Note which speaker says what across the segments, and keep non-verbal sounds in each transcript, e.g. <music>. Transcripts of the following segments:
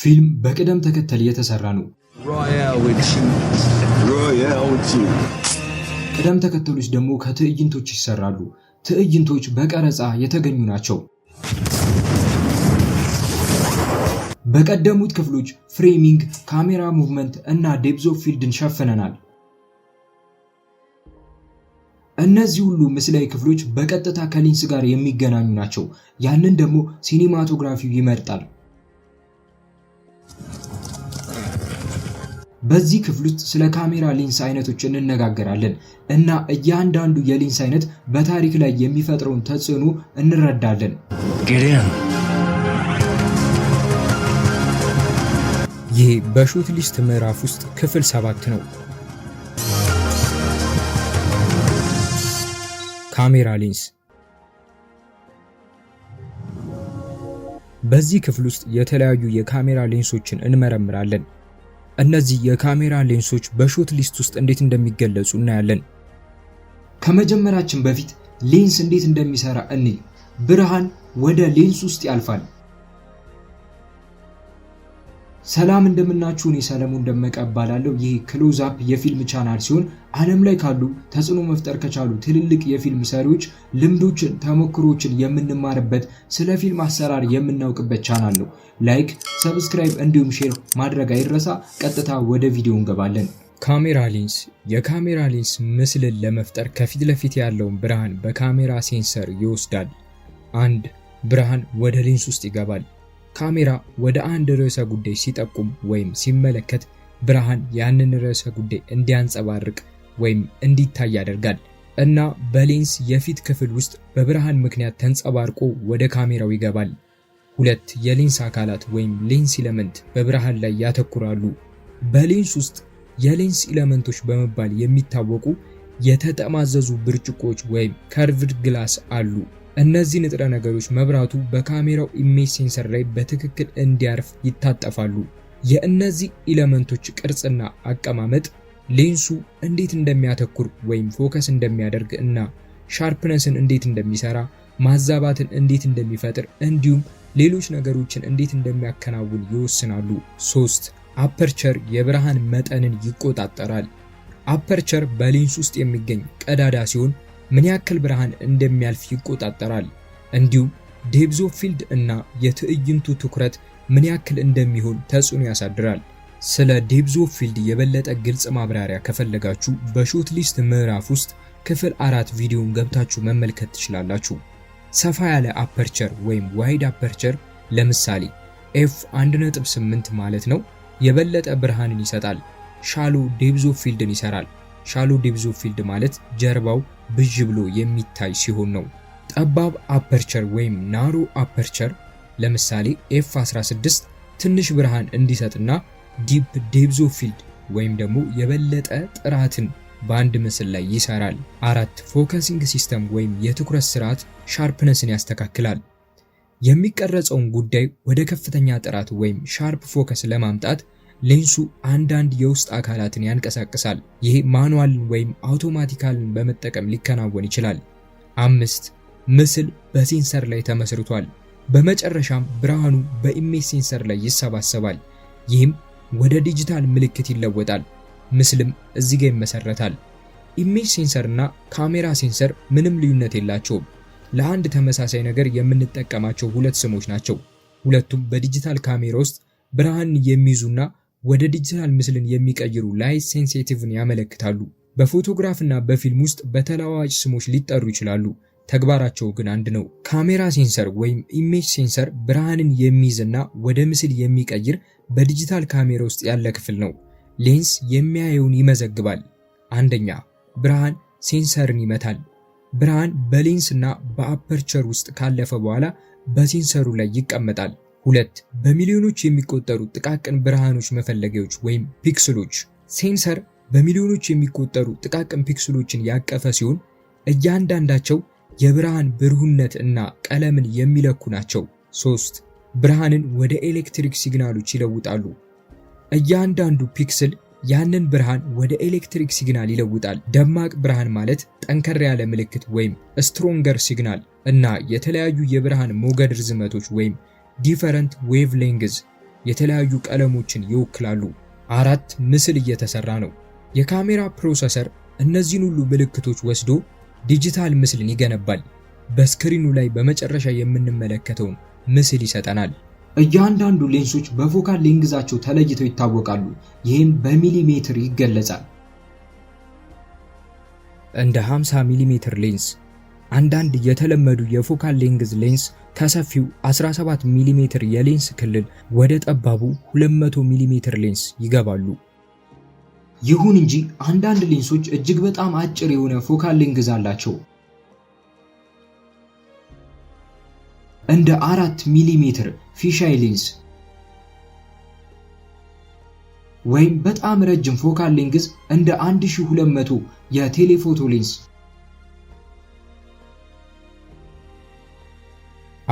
Speaker 1: ፊልም በቅደም ተከተል የተሰራ ነው። ቅደም ተከተሎች ደግሞ ከትዕይንቶች ይሰራሉ። ትዕይንቶች በቀረጻ የተገኙ ናቸው። በቀደሙት ክፍሎች ፍሬሚንግ፣ ካሜራ ሙቭመንት እና ዴብዞ ፊልድን ሸፍነናል። እነዚህ ሁሉ ምስላዊ ክፍሎች በቀጥታ ከሊንስ ጋር የሚገናኙ ናቸው። ያንን ደግሞ ሲኒማቶግራፊው ይመርጣል። በዚህ ክፍል ውስጥ ስለ ካሜራ ሌንስ አይነቶች እንነጋገራለን እና እያንዳንዱ የሌንስ አይነት በታሪክ ላይ የሚፈጥረውን ተጽዕኖ እንረዳለን። ይህ በሹት ሊስት ምዕራፍ ውስጥ ክፍል ሰባት ነው። ካሜራ ሌንስ። በዚህ ክፍል ውስጥ የተለያዩ የካሜራ ሌንሶችን እንመረምራለን። እነዚህ የካሜራ ሌንሶች በሾት ሊስት ውስጥ እንዴት እንደሚገለጹ እናያለን። ከመጀመራችን በፊት ሌንስ እንዴት እንደሚሰራ እንይ። ብርሃን ወደ ሌንስ ውስጥ ያልፋል። ሰላም እንደምናችሁ፣ እኔ ሰለሞን ደመቀ እባላለሁ። ይህ ክሎዝ አፕ የፊልም ቻናል ሲሆን ዓለም ላይ ካሉ ተጽዕኖ መፍጠር ከቻሉ ትልልቅ የፊልም ሰሪዎች ልምዶችን፣ ተሞክሮችን የምንማርበት ስለ ፊልም አሰራር የምናውቅበት ቻናል ነው። ላይክ፣ ሰብስክራይብ እንዲሁም ሼር ማድረግ አይረሳ። ቀጥታ ወደ ቪዲዮ እንገባለን። ካሜራ ሌንስ የካሜራ ሌንስ ምስልን ለመፍጠር ከፊት ለፊት ያለውን ብርሃን በካሜራ ሴንሰር ይወስዳል። አንድ ብርሃን ወደ ሌንስ ውስጥ ይገባል። ካሜራ ወደ አንድ ርዕሰ ጉዳይ ሲጠቁም ወይም ሲመለከት ብርሃን ያንን ርዕሰ ጉዳይ እንዲያንጸባርቅ ወይም እንዲታይ ያደርጋል እና በሌንስ የፊት ክፍል ውስጥ በብርሃን ምክንያት ተንጸባርቆ ወደ ካሜራው ይገባል። ሁለት የሌንስ አካላት ወይም ሌንስ ኢለመንት በብርሃን ላይ ያተኩራሉ። በሌንስ ውስጥ የሌንስ ኢለመንቶች በመባል የሚታወቁ የተጠማዘዙ ብርጭቆዎች ወይም ከርቭድ ግላስ አሉ። እነዚህ ንጥረ ነገሮች መብራቱ በካሜራው ኢሜጅ ሴንሰር ላይ በትክክል እንዲያርፍ ይታጠፋሉ። የእነዚህ ኢለመንቶች ቅርጽና አቀማመጥ ሌንሱ እንዴት እንደሚያተኩር ወይም ፎከስ እንደሚያደርግ እና ሻርፕነስን እንዴት እንደሚሰራ ማዛባትን እንዴት እንደሚፈጥር እንዲሁም ሌሎች ነገሮችን እንዴት እንደሚያከናውን ይወስናሉ። ሶስት አፐርቸር የብርሃን መጠንን ይቆጣጠራል። አፐርቸር በሌንስ ውስጥ የሚገኝ ቀዳዳ ሲሆን ምን ያክል ብርሃን እንደሚያልፍ ይቆጣጠራል። እንዲሁም ዴብዞ ፊልድ እና የትዕይንቱ ትኩረት ምን ያክል እንደሚሆን ተጽዕኖ ያሳድራል። ስለ ዴብዝ ፊልድ የበለጠ ግልጽ ማብራሪያ ከፈለጋችሁ በሾርት ሊስት ምዕራፍ ውስጥ ክፍል አራት ቪዲዮን ገብታችሁ መመልከት ትችላላችሁ። ሰፋ ያለ አፐርቸር ወይም ዋይድ አፐርቸር ለምሳሌ ኤፍ 1.8 ማለት ነው የበለጠ ብርሃንን ይሰጣል። ሻሎ ዴብዝ ፊልድን ይሰራል። ሻሎ ዴብዝ ፊልድ ማለት ጀርባው ብዥ ብሎ የሚታይ ሲሆን ነው። ጠባብ አፐርቸር ወይም ናሮ አፐርቸር ለምሳሌ ኤፍ 16 ትንሽ ብርሃን እንዲሰጥና ዲፕ ዴብዞ ፊልድ ወይም ደግሞ የበለጠ ጥራትን በአንድ ምስል ላይ ይሰራል። አራት ፎከሲንግ ሲስተም ወይም የትኩረት ስርዓት ሻርፕነስን ያስተካክላል። የሚቀረጸውን ጉዳይ ወደ ከፍተኛ ጥራት ወይም ሻርፕ ፎከስ ለማምጣት ሌንሱ አንዳንድ የውስጥ አካላትን ያንቀሳቅሳል። ይሄ ማኑዋልን ወይም አውቶማቲካልን በመጠቀም ሊከናወን ይችላል። አምስት ምስል በሴንሰር ላይ ተመስርቷል። በመጨረሻም ብርሃኑ በኢሜጅ ሴንሰር ላይ ይሰባሰባል። ይህም ወደ ዲጂታል ምልክት ይለወጣል። ምስልም እዚህ ጋር ይመሰረታል። ኢሜጅ ሴንሰር እና ካሜራ ሴንሰር ምንም ልዩነት የላቸውም። ለአንድ ተመሳሳይ ነገር የምንጠቀማቸው ሁለት ስሞች ናቸው። ሁለቱም በዲጂታል ካሜራ ውስጥ ብርሃንን የሚይዙና ወደ ዲጂታል ምስልን የሚቀይሩ ላይት ሴንሲቲቭን ያመለክታሉ። በፎቶግራፍና በፊልም ውስጥ በተለዋዋጭ ስሞች ሊጠሩ ይችላሉ። ተግባራቸው ግን አንድ ነው። ካሜራ ሴንሰር ወይም ኢሜጅ ሴንሰር ብርሃንን የሚይዝና ወደ ምስል የሚቀይር በዲጂታል ካሜራ ውስጥ ያለ ክፍል ነው። ሌንስ የሚያየውን ይመዘግባል። አንደኛ ብርሃን ሴንሰርን ይመታል። ብርሃን በሌንስና በአፐርቸር ውስጥ ካለፈ በኋላ በሴንሰሩ ላይ ይቀመጣል። ሁለት በሚሊዮኖች የሚቆጠሩ ጥቃቅን ብርሃኖች መፈለጊያዎች ወይም ፒክስሎች። ሴንሰር በሚሊዮኖች የሚቆጠሩ ጥቃቅን ፒክስሎችን ያቀፈ ሲሆን እያንዳንዳቸው የብርሃን ብሩህነት እና ቀለምን የሚለኩ ናቸው። ሶስት ብርሃንን ወደ ኤሌክትሪክ ሲግናሎች ይለውጣሉ። እያንዳንዱ ፒክስል ያንን ብርሃን ወደ ኤሌክትሪክ ሲግናል ይለውጣል። ደማቅ ብርሃን ማለት ጠንከር ያለ ምልክት ወይም ስትሮንገር ሲግናል እና የተለያዩ የብርሃን ሞገድ ርዝመቶች ወይም ዲፈረንት ዌቭ ሌንግዝ የተለያዩ ቀለሞችን ይወክላሉ። አራት ምስል እየተሰራ ነው። የካሜራ ፕሮሰሰር እነዚህን ሁሉ ምልክቶች ወስዶ ዲጂታል ምስልን ይገነባል። በስክሪኑ ላይ በመጨረሻ የምንመለከተውን ምስል ይሰጠናል። እያንዳንዱ ሌንሶች በፎካል ሌንግዛቸው ተለይተው ይታወቃሉ። ይህም በሚሊሜትር ይገለጻል። እንደ 50 ሚሜ ሌንስ፣ አንዳንድ የተለመዱ የፎካል ሌንግዝ ሌንስ ከሰፊው 17 ሚሜ የሌንስ ክልል ወደ ጠባቡ 200 ሚሜ ሌንስ ይገባሉ። ይሁን እንጂ አንዳንድ ሌንሶች እጅግ በጣም አጭር የሆነ ፎካል ሌንግዝ አላቸው። እንደ 4 ሚሊሜትር ፊሻይ ሌንስ ወይም በጣም ረጅም ፎካል ሌንግዝ እንደ 1200 የቴሌፎቶ ሌንስ።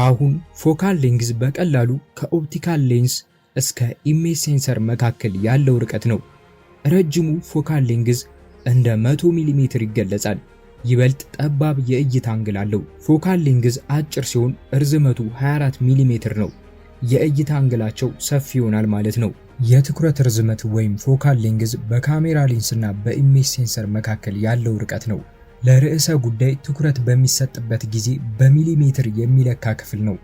Speaker 1: አሁን ፎካል ሌንግዝ በቀላሉ ከኦፕቲካል ሌንስ እስከ ኢሜጅ ሴንሰር መካከል ያለው ርቀት ነው። ረጅሙ ፎካል ሌንግዝ እንደ 100 ሚሜ ይገለጻል። ይበልጥ ጠባብ የእይታ አንግል አለው። ፎካል ሌንግዝ አጭር ሲሆን እርዝመቱ 24 ሚሜ ነው። የእይታ አንግላቸው ሰፊ ይሆናል ማለት ነው። የትኩረት ርዝመት ወይም ፎካል ሌንግዝ በካሜራ ሌንስና በኢሜጅ ሴንሰር መካከል ያለው ርቀት ነው። ለርዕሰ ጉዳይ ትኩረት በሚሰጥበት ጊዜ በሚሊሜትር የሚለካ ክፍል ነው።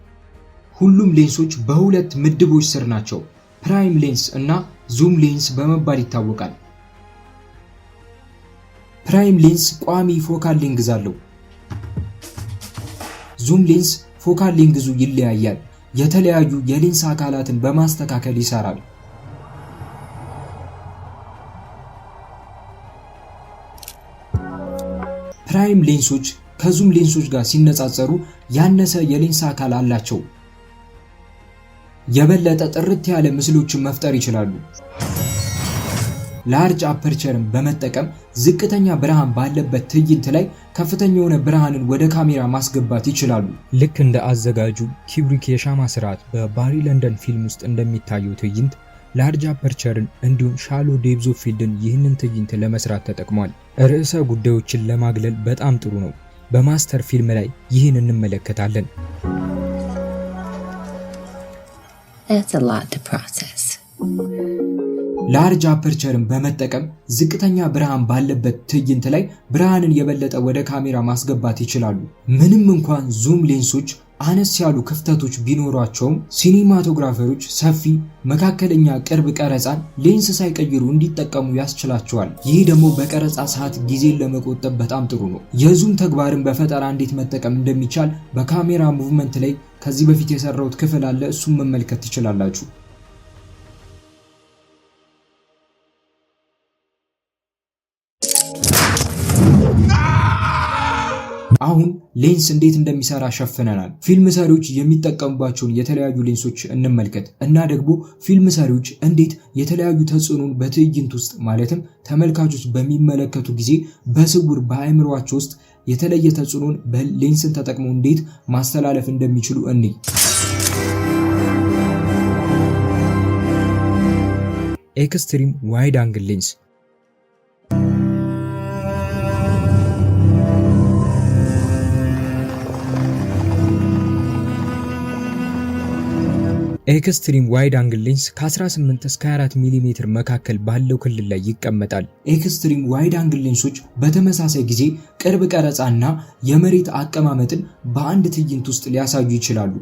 Speaker 1: ሁሉም ሌንሶች በሁለት ምድቦች ስር ናቸው፣ ፕራይም ሌንስ እና ዙም ሌንስ በመባል ይታወቃል። ፕራይም ሌንስ ቋሚ ፎካል ሌንግዝ አለው። ዙም ሌንስ ፎካል ሌንግዙ ይለያያል። የተለያዩ የሌንስ አካላትን በማስተካከል ይሰራል። ፕራይም ሌንሶች ከዙም ሌንሶች ጋር ሲነጻጸሩ ያነሰ የሌንስ አካል አላቸው። የበለጠ ጥርት ያለ ምስሎችን መፍጠር ይችላሉ። ላርጅ አፐርቸርን በመጠቀም ዝቅተኛ ብርሃን ባለበት ትዕይንት ላይ ከፍተኛ የሆነ ብርሃንን ወደ ካሜራ ማስገባት ይችላሉ። ልክ እንደ አዘጋጁ ኪብሪክ የሻማ ስርዓት በባሪ ለንደን ፊልም ውስጥ እንደሚታየው ትዕይንት ላርጅ አፐርቸርን እንዲሁም ሻሎ ዴብዞ ፊልድን ይህንን ትዕይንት ለመስራት ተጠቅሟል። ርዕሰ ጉዳዮችን ለማግለል በጣም ጥሩ ነው። በማስተር ፊልም ላይ ይህን እንመለከታለን። That's a lot to process. ላርጅ አፐርቸርን በመጠቀም ዝቅተኛ ብርሃን ባለበት ትዕይንት ላይ ብርሃንን የበለጠ ወደ ካሜራ ማስገባት ይችላሉ። ምንም እንኳን ዙም ሌንሶች አነስ ያሉ ክፍተቶች ቢኖሯቸውም ሲኒማቶግራፈሮች ሰፊ፣ መካከለኛ ቅርብ ቀረጻን ሌንስ ሳይቀይሩ እንዲጠቀሙ ያስችላቸዋል። ይህ ደግሞ በቀረጻ ሰዓት ጊዜን ለመቆጠብ በጣም ጥሩ ነው። የዙም ተግባርን በፈጠራ እንዴት መጠቀም እንደሚቻል በካሜራ ሙቭመንት ላይ ከዚህ በፊት የሰራሁት ክፍል አለ፣ እሱም መመልከት ትችላላችሁ። አሁን ሌንስ እንዴት እንደሚሰራ ሸፍነናል። ፊልም ሰሪዎች የሚጠቀሙባቸውን የተለያዩ ሌንሶች እንመልከት እና ደግሞ ፊልም ሰሪዎች እንዴት የተለያዩ ተጽዕኖን በትዕይንት ውስጥ ማለትም ተመልካቾች በሚመለከቱ ጊዜ በስውር በአእምሯቸው ውስጥ የተለየ ተጽዕኖን በሌንስን ተጠቅመው እንዴት ማስተላለፍ እንደሚችሉ እንይ። ኤክስትሪም ዋይድ አንግል ሌንስ ኤክስትሪም ዋይድ አንግል ሌንስ ከ18 እስከ 24 ሚሜ መካከል ባለው ክልል ላይ ይቀመጣል። ኤክስትሪም ዋይድ አንግል ሌንሶች በተመሳሳይ ጊዜ ቅርብ ቀረጻና የመሬት አቀማመጥን በአንድ ትዕይንት ውስጥ ሊያሳዩ ይችላሉ።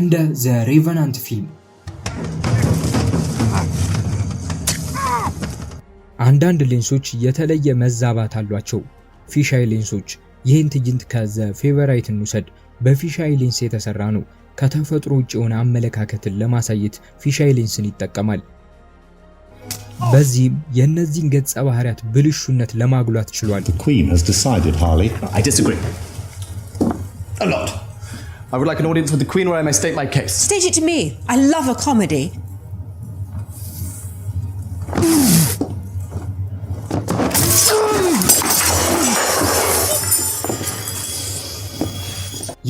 Speaker 1: እንደ ዘ ሬቨናንት ፊልም አንዳንድ ሌንሶች የተለየ መዛባት አሏቸው። ፊሻይ ሌንሶች ይህን ትዕይንት ከዘ ፌቨራይት እንውሰድ። በፊሻይ ሌንስ የተሰራ ነው። ከተፈጥሮ ውጭ የሆነ አመለካከትን ለማሳየት ፊሻይ ሌንስን ይጠቀማል። በዚህም የእነዚህን ገጸ ባህሪያት ብልሹነት ለማጉላት ችሏል።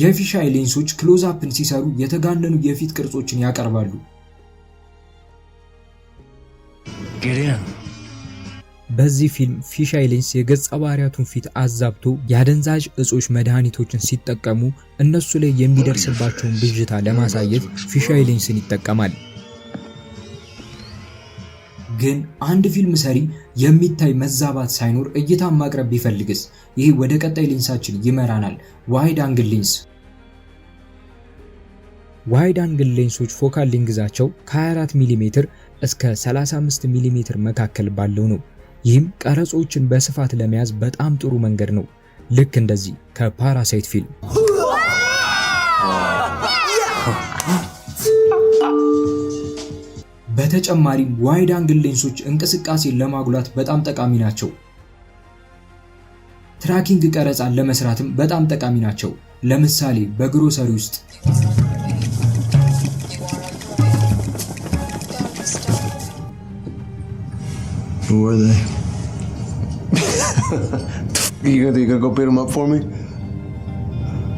Speaker 1: የፊሻይ ሌንሶች ክሎዝ አፕን ሲሰሩ የተጋነኑ የፊት ቅርጾችን ያቀርባሉ። በዚህ ፊልም ፊሻይ ሌንስ የገጸ ባህሪያቱን ፊት አዛብቶ የአደንዛዥ እጾች መድኃኒቶችን ሲጠቀሙ እነሱ ላይ የሚደርስባቸውን ብዥታ ለማሳየት ፊሻይ ሌንስን ይጠቀማል። ግን አንድ ፊልም ሰሪ የሚታይ መዛባት ሳይኖር እይታን ማቅረብ ቢፈልግስ? ይህ ወደ ቀጣይ ሌንሳችን ይመራናል፣ ዋይድ አንግል ሌንስ ዋይድ አንግል ሌንሶች ፎካል ሊንግዛቸው ከ24 ሚሜ እስከ 35 ሚሜ መካከል ባለው ነው። ይህም ቀረጾችን በስፋት ለመያዝ በጣም ጥሩ መንገድ ነው። ልክ እንደዚህ ከፓራሳይት ፊልም። በተጨማሪም ዋይድ አንግል ሌንሶች እንቅስቃሴን ለማጉላት በጣም ጠቃሚ ናቸው። ትራኪንግ ቀረጻን ለመስራትም በጣም ጠቃሚ ናቸው። ለምሳሌ በግሮሰሪ ውስጥ Who were they? <laughs> you gonna, you gonna go beat him up for me?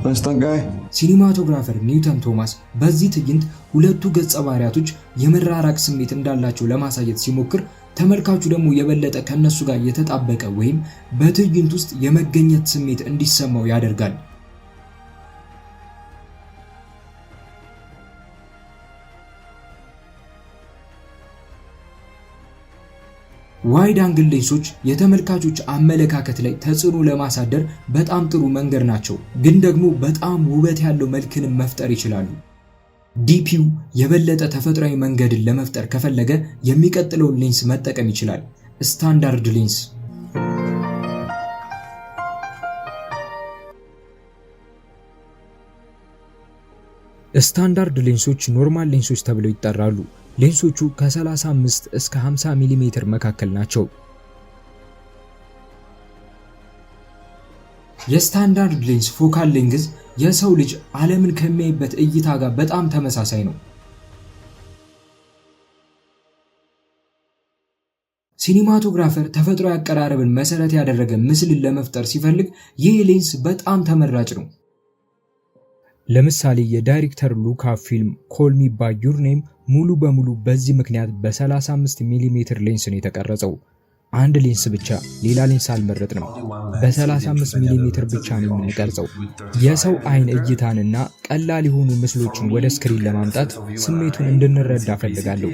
Speaker 1: My stunt guy? ሲኒማቶግራፈር ኒውተን ቶማስ በዚህ ትዕይንት ሁለቱ ገጸ ባህሪያቶች የመራራቅ ስሜት እንዳላቸው ለማሳየት ሲሞክር፣ ተመልካቹ ደግሞ የበለጠ ከነሱ ጋር የተጣበቀ ወይም በትዕይንት ውስጥ የመገኘት ስሜት እንዲሰማው ያደርጋል። ዋይድ አንግል ሌንሶች የተመልካቾች አመለካከት ላይ ተጽዕኖ ለማሳደር በጣም ጥሩ መንገድ ናቸው፣ ግን ደግሞ በጣም ውበት ያለው መልክንም መፍጠር ይችላሉ። ዲፒው የበለጠ ተፈጥሯዊ መንገድን ለመፍጠር ከፈለገ የሚቀጥለውን ሌንስ መጠቀም ይችላል፣ ስታንዳርድ ሌንስ። ስታንዳርድ ሌንሶች ኖርማል ሌንሶች ተብለው ይጠራሉ። ሌንሶቹ ከ35 እስከ 50 ሚሜ መካከል ናቸው። የስታንዳርድ ሌንስ ፎካል ሌንግዝ የሰው ልጅ ዓለምን ከሚያይበት እይታ ጋር በጣም ተመሳሳይ ነው። ሲኒማቶግራፈር ተፈጥሮ አቀራረብን መሰረት ያደረገ ምስልን ለመፍጠር ሲፈልግ ይህ ሌንስ በጣም ተመራጭ ነው። ለምሳሌ የዳይሬክተር ሉካ ፊልም ኮል ሚ ባይ ዩር ኔም ሙሉ በሙሉ በዚህ ምክንያት በ35 ሚሜ ሌንስ ነው የተቀረጸው። አንድ ሌንስ ብቻ ሌላ ሌንስ አልመረጥንም። በ35 ሚሜ ብቻ ነው የምንቀርጸው። የሰው አይን እይታንና ቀላል የሆኑ ምስሎችን ወደ ስክሪን ለማምጣት ስሜቱን እንድንረዳ ፈልጋለሁ።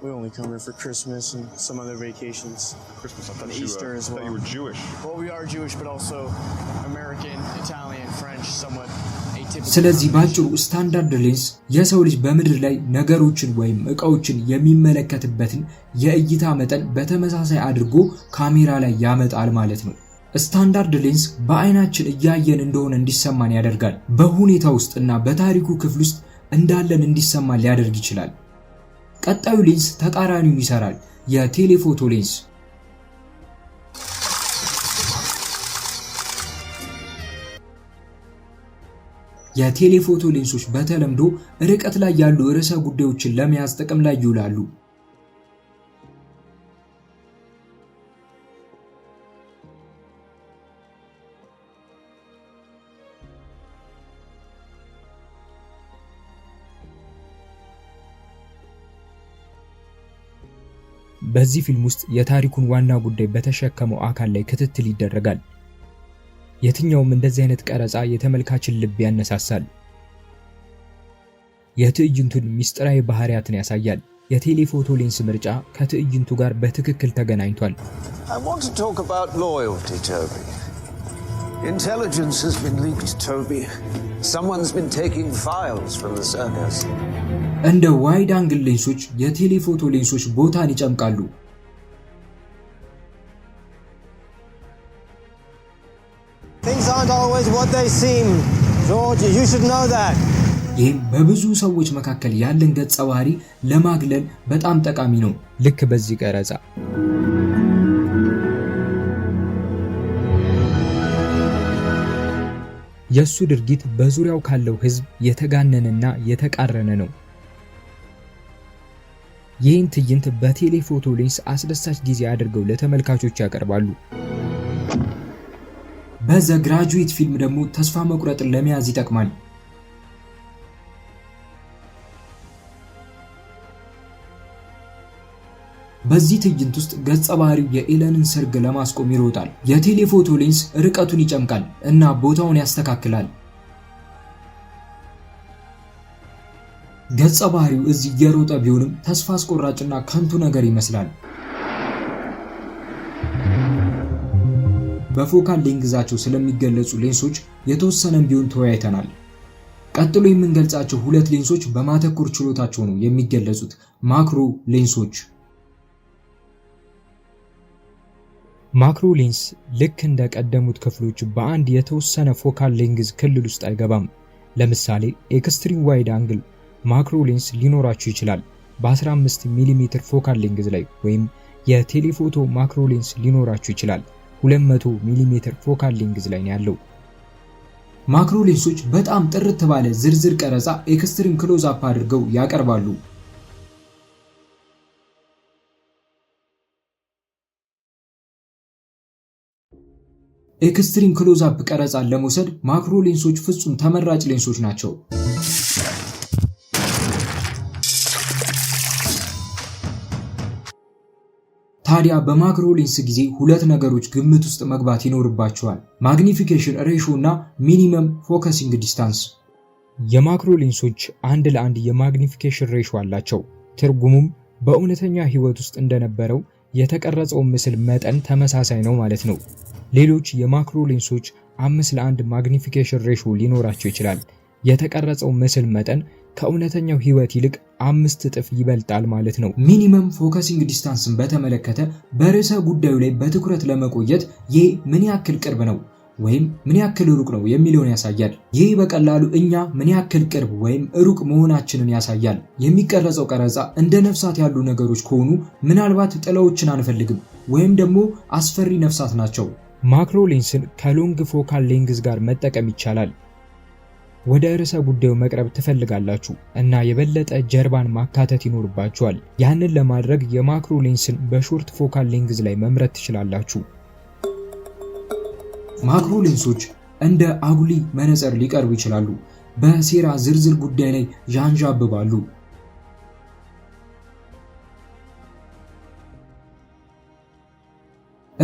Speaker 1: We only come here for Christmas and some other vacations. Christmas, I thought, Easter you, uh, as well. I thought you were Jewish. Well, we are Jewish, but also American, Italian, French, somewhat ስለዚህ ባጭሩ ስታንዳርድ ሌንስ የሰው ልጅ በምድር ላይ ነገሮችን ወይም እቃዎችን የሚመለከትበትን የእይታ መጠን በተመሳሳይ አድርጎ ካሜራ ላይ ያመጣል ማለት ነው። ስታንዳርድ ሌንስ በአይናችን እያየን እንደሆነ እንዲሰማን ያደርጋል። በሁኔታ ውስጥ እና በታሪኩ ክፍል ውስጥ እንዳለን እንዲሰማን ሊያደርግ ይችላል። ቀጣዩ ሌንስ ተቃራኒውን ይሰራል፣ የቴሌፎቶ ሌንስ። የቴሌፎቶ ሌንሶች በተለምዶ ርቀት ላይ ያሉ ርዕሰ ጉዳዮችን ለመያዝ ጥቅም ላይ ይውላሉ። በዚህ ፊልም ውስጥ የታሪኩን ዋና ጉዳይ በተሸከመው አካል ላይ ክትትል ይደረጋል። የትኛውም እንደዚህ አይነት ቀረጻ የተመልካችን ልብ ያነሳሳል፣ የትዕይንቱን ምስጢራዊ ባህሪያትን ያሳያል። የቴሌፎቶ ሌንስ ምርጫ ከትዕይንቱ ጋር በትክክል ተገናኝቷል። Intelligence has been leaked, Toby. Someone's been taking files from the circus. እንደ ዋይድ አንግል ሌንሶች የቴሌፎቶ ሌንሶች ቦታን ይጨምቃሉ። ይህም በብዙ ሰዎች መካከል ያለን ገጸ ባህሪ ለማግለል በጣም ጠቃሚ ነው። ልክ በዚህ ቀረጻ የእሱ ድርጊት በዙሪያው ካለው ሕዝብ የተጋነነና የተቃረነ ነው። ይህን ትዕይንት በቴሌፎቶ ሌንስ አስደሳች ጊዜ አድርገው ለተመልካቾች ያቀርባሉ። በዘ ግራጁዌት ፊልም ደግሞ ተስፋ መቁረጥን ለመያዝ ይጠቅማል። በዚህ ትዕይንት ውስጥ ገጸ ባህሪው የኤለንን ሰርግ ለማስቆም ይሮጣል። የቴሌፎቶ ሌንስ ርቀቱን ይጨምቃል እና ቦታውን ያስተካክላል። ገጸ ባህሪው እዚህ እየሮጠ ቢሆንም ተስፋ አስቆራጭና ከንቱ ነገር ይመስላል። በፎካል ሌንግዛቸው ስለሚገለጹ ሌንሶች የተወሰነም ቢሆን ተወያይተናል። ቀጥሎ የምንገልጻቸው ሁለት ሌንሶች በማተኮር ችሎታቸው ነው የሚገለጹት፣ ማክሮ ሌንሶች። ማክሮ ሌንስ ልክ እንደ ቀደሙት ክፍሎች በአንድ የተወሰነ ፎካል ሌንግዝ ክልል ውስጥ አይገባም። ለምሳሌ ኤክስትሪም ዋይድ አንግል ማክሮ ሌንስ ሊኖራችሁ ይችላል። በ15 ሚሜ ፎካል ሌንግዝ ላይ ወይም የቴሌፎቶ ማክሮ ሌንስ ሊኖራችሁ ይችላል። 200 ሚሜ ፎካል ሌንግዝ ላይ ነው ያለው። ማክሮ ሌንሶች በጣም ጥርት ባለ ዝርዝር ቀረጻ ኤክስትሪም ክሎዝ አፕ አድርገው ያቀርባሉ። ኤክስትሪም ክሎዝ አፕ ቀረጻን ለመውሰድ ማክሮ ሌንሶች ፍጹም ተመራጭ ሌንሶች ናቸው። ታዲያ በማክሮ ሌንስ ጊዜ ሁለት ነገሮች ግምት ውስጥ መግባት ይኖርባቸዋል፣ ማግኒፊኬሽን ሬሾ እና ሚኒመም ፎከሲንግ ዲስታንስ። የማክሮ ሌንሶች አንድ ለአንድ የማግኒፊኬሽን ሬሾ አላቸው። ትርጉሙም በእውነተኛ ህይወት ውስጥ እንደነበረው የተቀረጸው ምስል መጠን ተመሳሳይ ነው ማለት ነው። ሌሎች የማክሮ ሌንሶች አምስት ለአንድ ማግኒፊኬሽን ሬሾ ሊኖራቸው ይችላል። የተቀረጸው ምስል መጠን ከእውነተኛው ህይወት ይልቅ አምስት እጥፍ ይበልጣል ማለት ነው። ሚኒመም ፎከሲንግ ዲስታንስን በተመለከተ በርዕሰ ጉዳዩ ላይ በትኩረት ለመቆየት ይህ ምን ያክል ቅርብ ነው ወይም ምን ያክል ሩቅ ነው የሚለውን ያሳያል። ይህ በቀላሉ እኛ ምን ያክል ቅርብ ወይም ሩቅ መሆናችንን ያሳያል። የሚቀረጸው ቀረጻ እንደ ነፍሳት ያሉ ነገሮች ከሆኑ ምናልባት ጥላዎችን አንፈልግም ወይም ደግሞ አስፈሪ ነፍሳት ናቸው። ማክሮ ሌንስን ከሎንግ ፎካል ሌንግዝ ጋር መጠቀም ይቻላል። ወደ ርዕሰ ጉዳዩ መቅረብ ትፈልጋላችሁ እና የበለጠ ጀርባን ማካተት ይኖርባችኋል። ያንን ለማድረግ የማክሮ ሌንስን በሾርት ፎካል ሌንግዝ ላይ መምረት ትችላላችሁ። ማክሮ ሌንሶች እንደ አጉሊ መነጽር ሊቀርቡ ይችላሉ። በሴራ ዝርዝር ጉዳይ ላይ ያንዣብባሉ።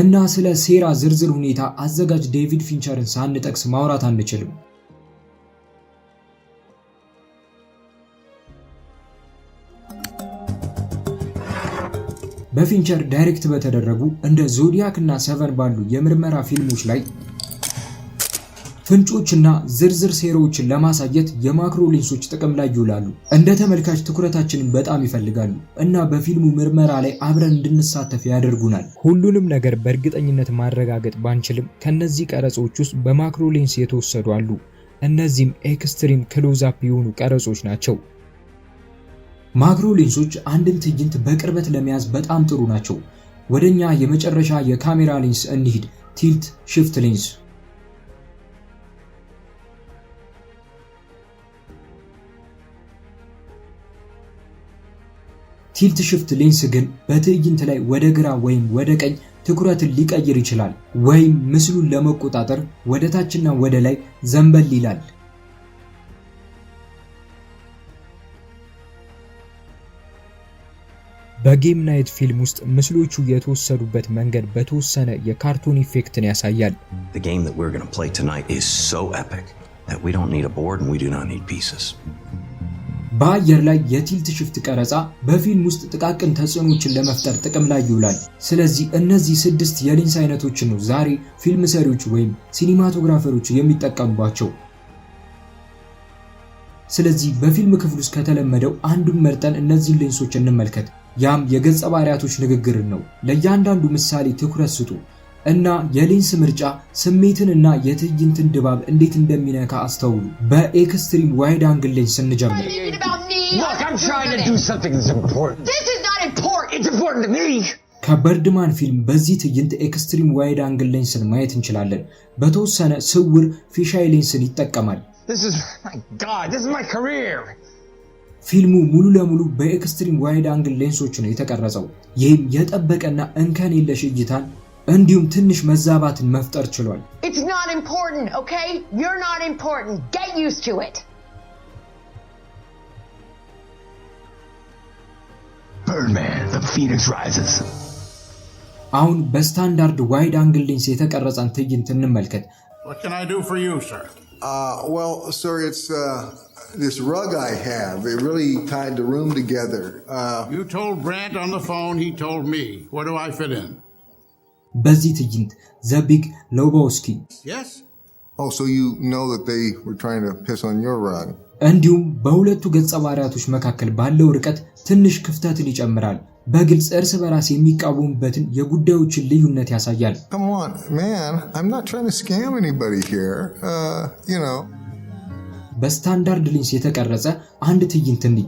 Speaker 1: እና ስለ ሴራ ዝርዝር ሁኔታ አዘጋጅ ዴቪድ ፊንቸርን ሳንጠቅስ ማውራት አንችልም። በፊንቸር ዳይሬክት በተደረጉ እንደ ዞዲያክ እና ሰቨን ባሉ የምርመራ ፊልሞች ላይ ፍንጮችና ዝርዝር ሴራዎችን ለማሳየት የማክሮ ሌንሶች ጥቅም ላይ ይውላሉ። እንደ ተመልካች ትኩረታችንን በጣም ይፈልጋሉ እና በፊልሙ ምርመራ ላይ አብረን እንድንሳተፍ ያደርጉናል። ሁሉንም ነገር በእርግጠኝነት ማረጋገጥ ባንችልም ከነዚህ ቀረጾች ውስጥ በማክሮ ሌንስ የተወሰዱ አሉ። እነዚህም ኤክስትሪም ክሎዝ አፕ የሆኑ ቀረጾች ናቸው። ማክሮ ሌንሶች አንድን ትዕይንት በቅርበት ለመያዝ በጣም ጥሩ ናቸው። ወደኛ የመጨረሻ የካሜራ ሌንስ እንሂድ፣ ቲልት ሽፍት ሌንስ። ቲልት ሽፍት ሌንስ ግን በትዕይንት ላይ ወደ ግራ ወይም ወደ ቀኝ ትኩረትን ሊቀይር ይችላል፣ ወይም ምስሉን ለመቆጣጠር ወደ ታችና ወደ ላይ ዘንበል ይላል። በጌም ናይት ፊልም ውስጥ ምስሎቹ የተወሰዱበት መንገድ በተወሰነ የካርቱን ኢፌክትን ያሳያል። በአየር ላይ የቲልት ሽፍት ቀረጻ በፊልም ውስጥ ጥቃቅን ተጽዕኖችን ለመፍጠር ጥቅም ላይ ይውላል። ስለዚህ እነዚህ ስድስት የሊንስ አይነቶችን ነው ዛሬ ፊልም ሰሪዎች ወይም ሲኒማቶግራፈሮች የሚጠቀሙባቸው። ስለዚህ በፊልም ክፍል ውስጥ ከተለመደው አንዱን መርጠን እነዚህን ሊንሶችን እንመልከት። ያም የገጸ ባህሪያቶች ንግግርን ነው። ለእያንዳንዱ ምሳሌ ትኩረት ስጡ እና የሌንስ ምርጫ ስሜትን እና የትዕይንትን ድባብ እንዴት እንደሚነካ አስተውሉ። በኤክስትሪም ዋይድ አንግል ሌንስ ስንጀምር ከበርድማን ፊልም በዚህ ትዕይንት ኤክስትሪም ዋይድ አንግል ሌንስን ማየት እንችላለን። በተወሰነ ስውር ፊሻይ ሌንስን ይጠቀማል። ፊልሙ ሙሉ ለሙሉ በኤክስትሪም ዋይድ አንግል ሌንሶች ነው የተቀረጸው። ይህም የጠበቀና እንከን የለሽ እይታን እንዲሁም ትንሽ መዛባትን መፍጠር ችሏል። አሁን በስታንዳርድ ዋይድ አንግል ሌንስ የተቀረጸን ትዕይንት እንመልከት። this rug I have. It really tied the room together. Uh, you told Brandt on the phone, he told me. Where do I fit in? በዚህ ትዕይንት ዘ ቢግ ሎቦውስኪ Oh, so you know that they were trying to piss on your rug. እንዲሁም በሁለቱ ገጸ ባህሪያቶች መካከል ባለው ርቀት ትንሽ ክፍተትን ይጨምራል። በግልጽ እርስ በራስ የሚቃወሙበትን የጉዳዮችን ልዩነት ያሳያል። በስታንዳርድ ሊንስ የተቀረጸ አንድ ትዕይንት እንይ።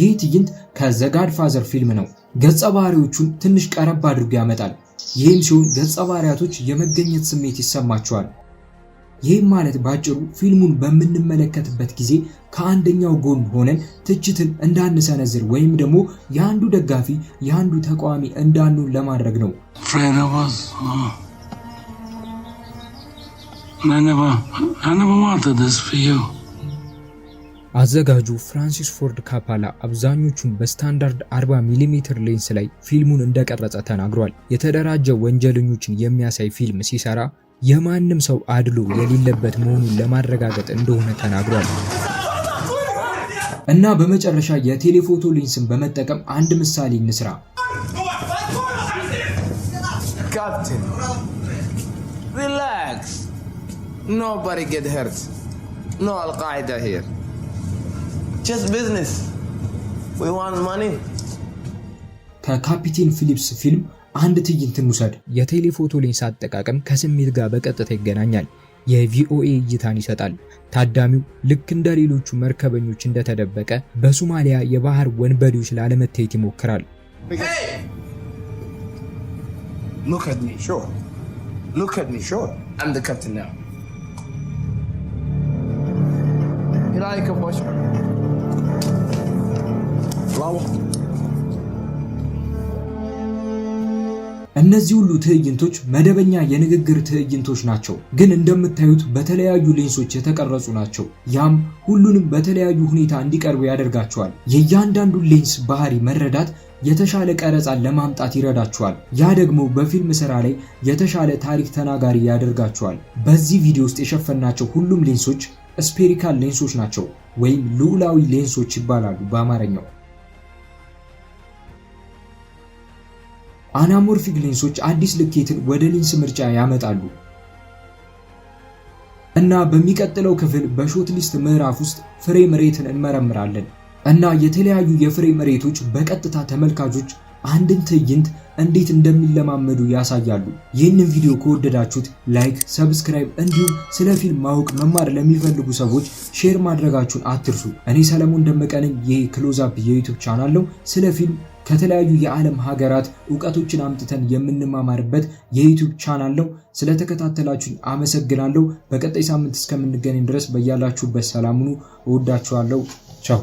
Speaker 1: ይህ ትዕይንት ከዘጋድ ፋዘር ፊልም ነው። ገጸ ባህሪዎቹን ትንሽ ቀረብ አድርጎ ያመጣል። ይህም ሲሆን ገጸ ባህሪያቶች የመገኘት ስሜት ይሰማቸዋል። ይህም ማለት ባጭሩ ፊልሙን በምንመለከትበት ጊዜ ከአንደኛው ጎን ሆነን ትችትን እንዳንሰነዝር ወይም ደግሞ የአንዱ ደጋፊ የአንዱ ተቃዋሚ እንዳንሆን ለማድረግ ነው። oh. አዘጋጁ ፍራንሲስ ፎርድ ካፓላ አብዛኞቹን በስታንዳርድ 40 ሚሜ ሌንስ ላይ ፊልሙን እንደቀረጸ ተናግሯል። የተደራጀ ወንጀለኞችን የሚያሳይ ፊልም ሲሰራ የማንም ሰው አድሎ የሌለበት መሆኑን ለማረጋገጥ እንደሆነ ተናግሯል። እና በመጨረሻ የቴሌፎቶ ሌንስን በመጠቀም አንድ ምሳሌ እንስራ። ካፕቴን ሪላክስ ኖባዲ ጌት ኖ አልቃይዳ ሄር ጀስት ቢዝነስ ዊ ዋንት ማኒ ከካፒቴን ፊሊፕስ ፊልም አንድ ትዕይንት እንውሰድ። የቴሌፎቶ ሌንስ አጠቃቀም ከስሜት ጋር በቀጥታ ይገናኛል። የቪኦኤ እይታን ይሰጣል። ታዳሚው ልክ እንደ ሌሎቹ መርከበኞች እንደተደበቀ በሶማሊያ የባህር ወንበዴዎች ላለመታየት ይሞክራል። እነዚህ ሁሉ ትዕይንቶች መደበኛ የንግግር ትዕይንቶች ናቸው፣ ግን እንደምታዩት በተለያዩ ሌንሶች የተቀረጹ ናቸው። ያም ሁሉንም በተለያዩ ሁኔታ እንዲቀርቡ ያደርጋቸዋል። የእያንዳንዱን ሌንስ ባህሪ መረዳት የተሻለ ቀረጻን ለማምጣት ይረዳቸዋል። ያ ደግሞ በፊልም ስራ ላይ የተሻለ ታሪክ ተናጋሪ ያደርጋቸዋል። በዚህ ቪዲዮ ውስጥ የሸፈናቸው ሁሉም ሌንሶች ስፔሪካል ሌንሶች ናቸው ወይም ልዑላዊ ሌንሶች ይባላሉ በአማርኛው። አናሞርፊክ ሌንሶች አዲስ ልኬትን ወደ ሌንስ ምርጫ ያመጣሉ እና በሚቀጥለው ክፍል በሾት ሊስት ምዕራፍ ውስጥ ፍሬም ሬትን እንመረምራለን እና የተለያዩ የፍሬም ሬቶች በቀጥታ ተመልካቾች አንድን ትዕይንት እንዴት እንደሚለማመዱ ያሳያሉ። ይህንን ቪዲዮ ከወደዳችሁት ላይክ፣ ሰብስክራይብ እንዲሁም ስለ ፊልም ማወቅ መማር ለሚፈልጉ ሰዎች ሼር ማድረጋችሁን አትርሱ። እኔ ሰለሞን ደመቀ ነኝ። ይህ ክሎዝ አፕ የዩቲዩብ ቻናል ነው። ስለ ፊልም ከተለያዩ የዓለም ሀገራት እውቀቶችን አምጥተን የምንማማርበት የዩቱብ ቻናል ነው። ስለተከታተላችሁኝ አመሰግናለሁ። በቀጣይ ሳምንት እስከምንገናኝ ድረስ በያላችሁበት ሰላም ሁኑ። እወዳችኋለሁ። ቻው